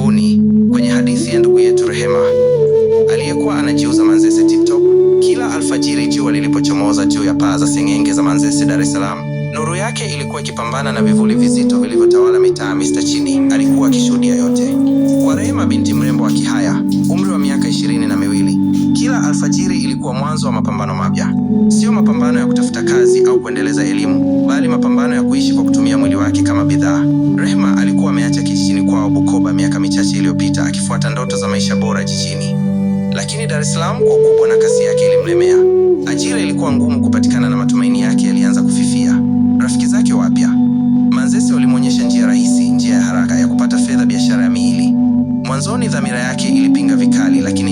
mapeponi kwenye hadithi ya ndugu yetu Rehema aliyekuwa anajiuza Manzese TikTok. Kila alfajiri jua lilipochomoza juu ya paa za sengenge za Manzese, Dar es Salaam, nuru yake ilikuwa ikipambana na vivuli vizito vilivyotawala mitaa mista chini. Alikuwa akishuhudia yote kwa Rehema, binti mrembo wa alfajiri ilikuwa mwanzo wa mapambano mapya, sio mapambano ya kutafuta kazi au kuendeleza elimu, bali mapambano ya kuishi kwa kutumia mwili wake kama bidhaa. rehma alikuwa ameacha kijijini kwao Bukoba miaka michache iliyopita, akifuata ndoto za maisha bora jijini, lakini Dar es Salaam kwa ukubwa na kasi yake ilimlemea. Ajira ilikuwa ngumu kupatikana na matumaini yake yalianza kufifia. Rafiki zake wapya Manzese walimwonyesha njia rahisi, njia ya haraka ya kupata fedha, biashara ya miili. Mwanzoni dhamira yake ilipinga vikali, lakini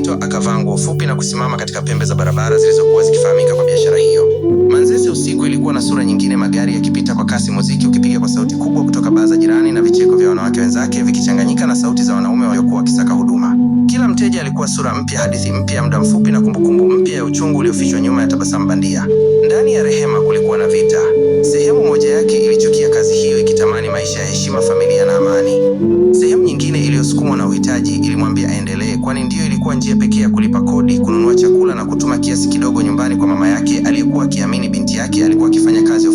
mzito, akavaa nguo fupi na kusimama katika pembe za barabara zilizokuwa zikifahamika kwa biashara hiyo. Manzese usiku ilikuwa na sura nyingine, magari yakipita kwa kasi, muziki ukipiga kwa sauti kubwa kutoka baa za jirani, na vicheko vya wanawake wenzake vikichanganyika na sauti za wanaume waliokuwa wakisaka huduma. Kila mteja alikuwa sura mpya, hadithi mpya, muda mfupi na kumbukumbu mpya ya uchungu uliofichwa nyuma ya tabasamu bandia. Ndani ya rehema kulikuwa na vita. Sehemu moja yake ilichukia kazi hiyo, ikitamani maisha ya heshima, familia na amani. Sehemu nyingine kusukumwa na uhitaji ilimwambia aendelee, kwani ndiyo ilikuwa njia pekee ya kulipa kodi, kununua chakula na kutuma kiasi kidogo nyumbani kwa mama yake aliyekuwa akiamini binti yake alikuwa akifanya kazi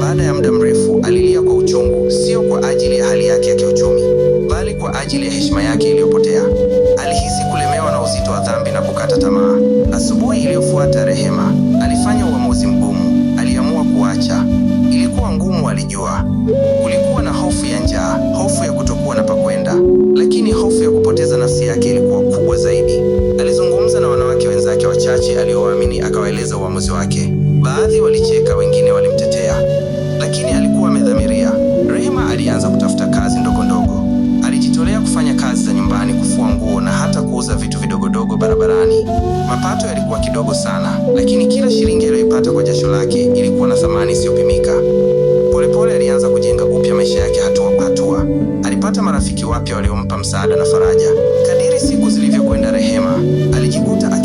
baada ya muda mrefu alilia kwa uchungu, sio kwa ajili ya hali yake ya kiuchumi, bali kwa ajili ya heshima yake iliyopotea. Alihisi kulemewa na uzito wa dhambi na kukata tamaa. Asubuhi iliyofuata, Rehema alifanya uamuzi mgumu, aliamua kuacha. Ilikuwa ngumu, alijua. Kulikuwa na hofu ya njaa, hofu ya kutokuwa na pakwenda, lakini hofu ya kupoteza nafsi yake ilikuwa kubwa zaidi. Alizungumza na wanawake wenzake wachache aliowaamini, akawaeleza uamuzi wake. Baadhi walicheka lakini alikuwa amedhamiria. Rehema alianza kutafuta kazi ndogo ndogo. Alijitolea kufanya kazi za nyumbani, kufua nguo na hata kuuza vitu vidogodogo barabarani. Mapato yalikuwa kidogo sana, lakini kila shilingi aliyoipata kwa jasho lake ilikuwa na thamani isiyopimika. Polepole alianza kujenga upya maisha yake hatua kwa hatua. Alipata marafiki wapya waliompa msaada na faraja. Kadiri siku zilivyokwenda, Rehema alijikuta